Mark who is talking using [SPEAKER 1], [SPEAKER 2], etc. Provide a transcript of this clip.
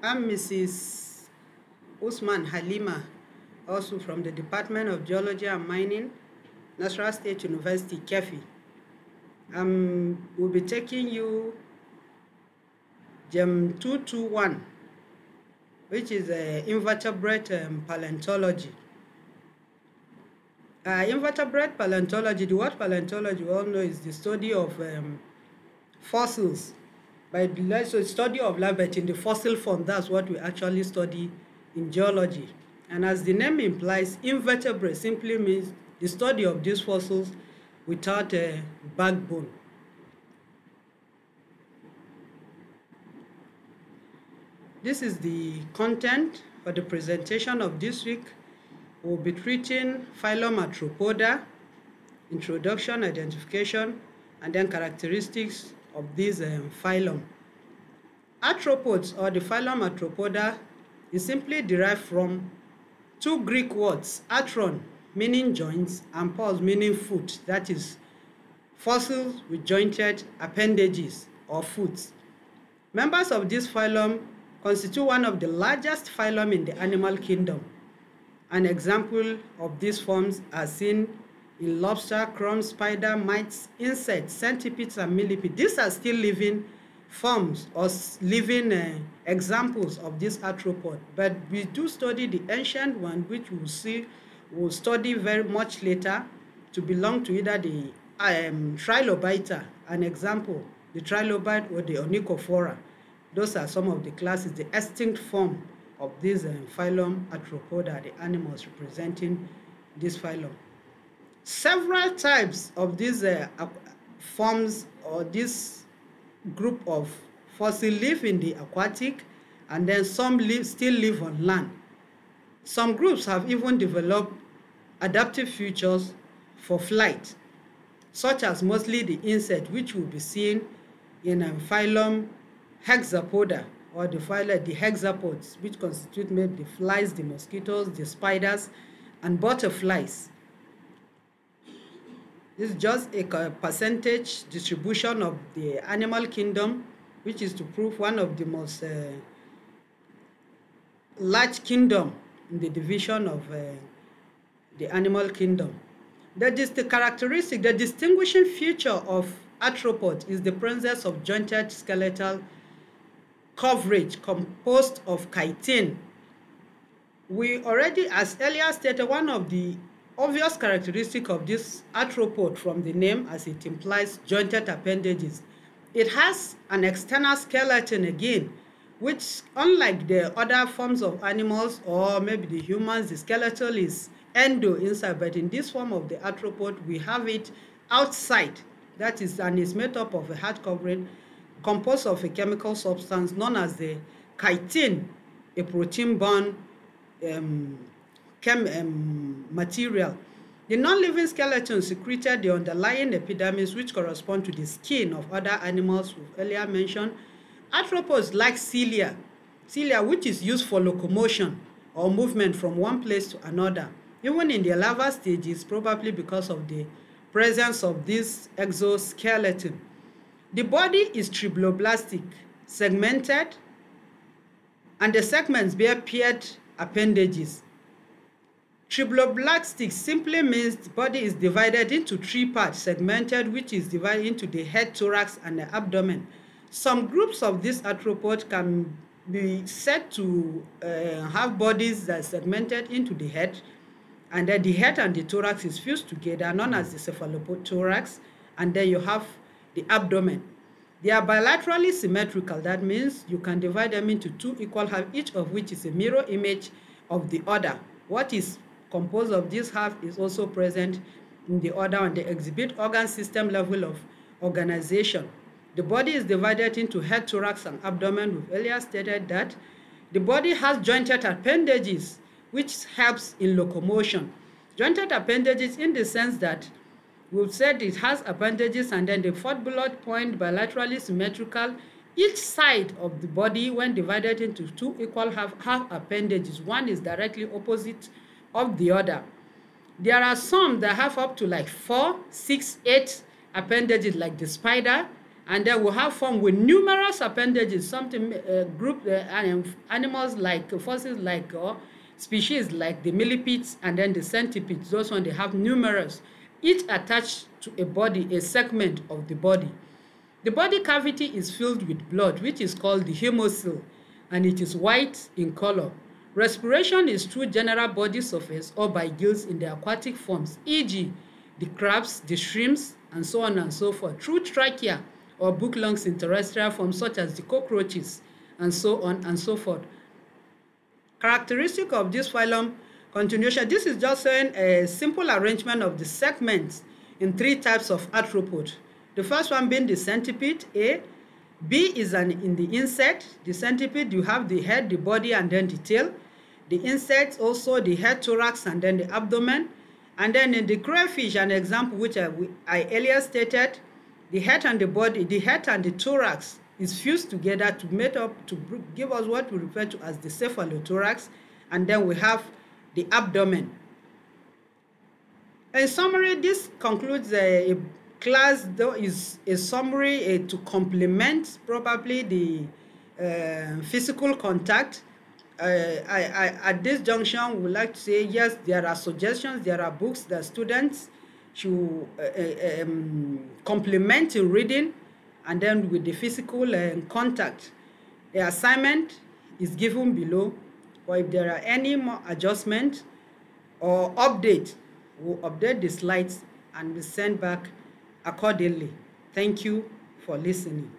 [SPEAKER 1] I'm Mrs. Usman Halima, also from the Department of Geology and Mining, Natural State University, Kefi. Um, we'll be taking you GEM 221, which is invertebrate um, paleontology. Uh, invertebrate paleontology, the word paleontology we all know is the study of um, fossils by So study of life, but in the fossil form, that's what we actually study in geology. And as the name implies, invertebrate simply means the study of these fossils without a backbone. This is the content for the presentation of this week. We'll be treating phylum Arthropoda, introduction, identification, and then characteristics of this um, phylum. Arthropods or the phylum Arthropoda is simply derived from two Greek words, atron meaning joints and pos meaning foot, that is fossils with jointed appendages or foot. Members of this phylum constitute one of the largest phylum in the animal kingdom. An example of these forms are seen in lobster, crumb, spider, mites, insects, centipedes, and millipede. These are still living forms or living uh, examples of this arthropod. But we do study the ancient one, which we'll see, we'll study very much later to belong to either the um, trilobita, an example, the trilobite or the onychophora. Those are some of the classes, the extinct form of this um, phylum arthropoda, the animals representing this phylum. Several types of these uh, forms or this group of fossil live in the aquatic and then some live, still live on land. Some groups have even developed adaptive features for flight, such as mostly the insect which will be seen in um, phylum Hexapoda or the phylum the hexapods which constitute maybe the flies, the mosquitoes, the spiders and butterflies. It's just a percentage distribution of the animal kingdom, which is to prove one of the most uh, large kingdom in the division of uh, the animal kingdom. That is the characteristic, the distinguishing feature of arthropod is the presence of jointed skeletal coverage composed of chitin. We already, as earlier stated, one of the obvious characteristic of this arthropod from the name as it implies jointed appendages. It has an external skeleton again, which unlike the other forms of animals or maybe the humans, the skeleton is endo inside, but in this form of the arthropod, we have it outside. That is, and is made up of a hard covering composed of a chemical substance known as the chitin, a protein-bound um, chem, um, material. The non-living skeleton secreted the underlying epidermis which correspond to the skin of other animals we've earlier mentioned. Arthropods like cilia, cilia which is used for locomotion or movement from one place to another. Even in the larval stages, probably because of the presence of this exoskeleton. The body is triploblastic, segmented, and the segments bear paired appendages. Triploblastic simply means the body is divided into three parts, segmented, which is divided into the head, thorax, and the abdomen. Some groups of this arthropod can be said to uh, have bodies that are segmented into the head, and then the head and the thorax is fused together, known as the cephalothorax, and then you have the abdomen. They are bilaterally symmetrical. That means you can divide them into two equal halves, each of which is a mirror image of the other. What is composed of this half is also present in the order and they exhibit organ system level of organization. The body is divided into head, thorax, and abdomen. We've earlier stated that. The body has jointed appendages, which helps in locomotion. Jointed appendages in the sense that we've said it has appendages and then the fourth bullet point bilaterally symmetrical. Each side of the body, when divided into two equal half, half appendages, one is directly opposite of the other. There are some that have up to like four, six, eight appendages like the spider, and then we have form with numerous appendages, something uh, group uh, animals like fossils like uh, species like the millipedes and then the centipedes. Those ones they have numerous, each attached to a body, a segment of the body. The body cavity is filled with blood, which is called the hemocyl, and it is white in color. Respiration is through general body surface or by gills in the aquatic forms, e.g., the crabs, the shrimps, and so on and so forth, through trachea or book lungs in terrestrial forms such as the cockroaches, and so on and so forth. Characteristic of this phylum continuation, this is just showing a simple arrangement of the segments in three types of arthropod. The first one being the centipede, A, B is an in the insect. The centipede, you have the head, the body, and then the tail. The insects also the head, thorax, and then the abdomen. And then in the crayfish, an example which I, I earlier stated, the head and the body, the head and the thorax is fused together to make up, to give us what we refer to as the cephalothorax. And then we have the abdomen. In summary, this concludes uh, a, a class though is a summary uh, to complement probably the uh, physical contact. Uh, I, I, at this junction, we would like to say, yes, there are suggestions, there are books that students should um, complement in reading and then with the physical contact. The assignment is given below, or if there are any more adjustment or update, we'll update the slides and we send back accordingly. Thank you for listening.